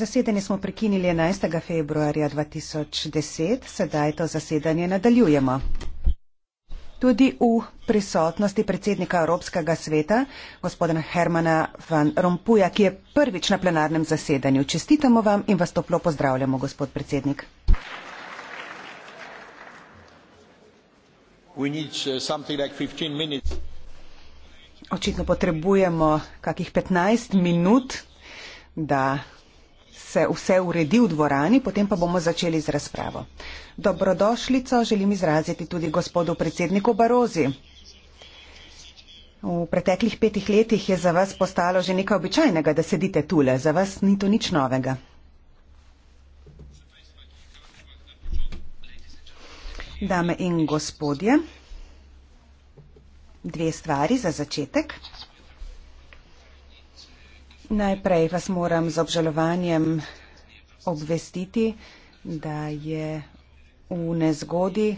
Zasedanje smo prekinili 11. februarja 2010, sedaj to zasedanje nadaljujemo. Tudi v prisotnosti predsednika Evropskega sveta, gospodina Hermana van Rompuja, ki je prvič na plenarnem zasedanju. Čestitamo vam in vas toplo pozdravljamo, gospod predsednik. Uh, Očitno potrebujemo kakih 15 minut, da se vse uredi v dvorani, potem pa bomo začeli z razpravo. Dobrodošlico želim izraziti tudi gospodu predsedniku Barozi. V preteklih petih letih je za vas postalo že nekaj običajnega, da sedite tule. Za vas ni to nič novega. Dame in gospodje, dve stvari za začetek. Najprej vas moram z obžalovanjem obvestiti, da je v nezgodi.